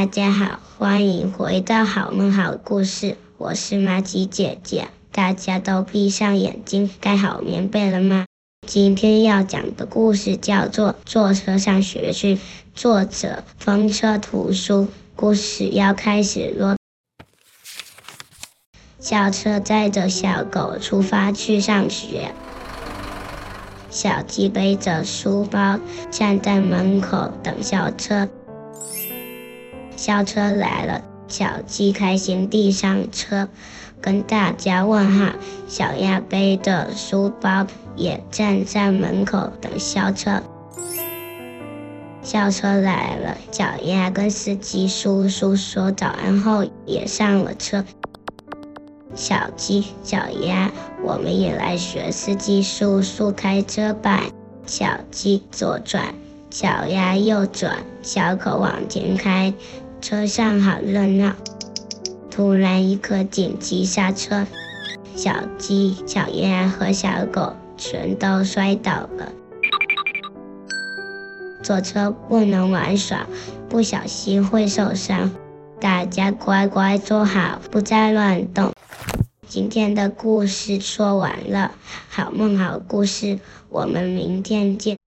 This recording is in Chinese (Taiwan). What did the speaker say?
大家好，歡迎回到《好夢好故事》，我是馬吉姐姐。大家都閉上眼睛，蓋好棉被了嗎？今天要講的故事叫做《坐車上學去》，作者風車圖書。故事要開始咯。校車載着小狗出發去上學，小雞背着書包站在門口等校車。校車來了，小雞開心地上車，跟大家問好。小鴨背着書包也站在門口等校車。校車來了，小鴨跟司機叔叔說早安後也上了車。小雞、小鴨，我們也來學司機叔叔開車吧。小雞左轉，小鴨右轉，小狗往前開。車上好熱鬧，突然一個緊急剎車，小雞、小鴨和小狗全都摔倒了。坐車不能玩耍，不小心會受傷，大家乖乖坐好，不再亂動。今天的故事說完了，好夢好故事，我們明天見。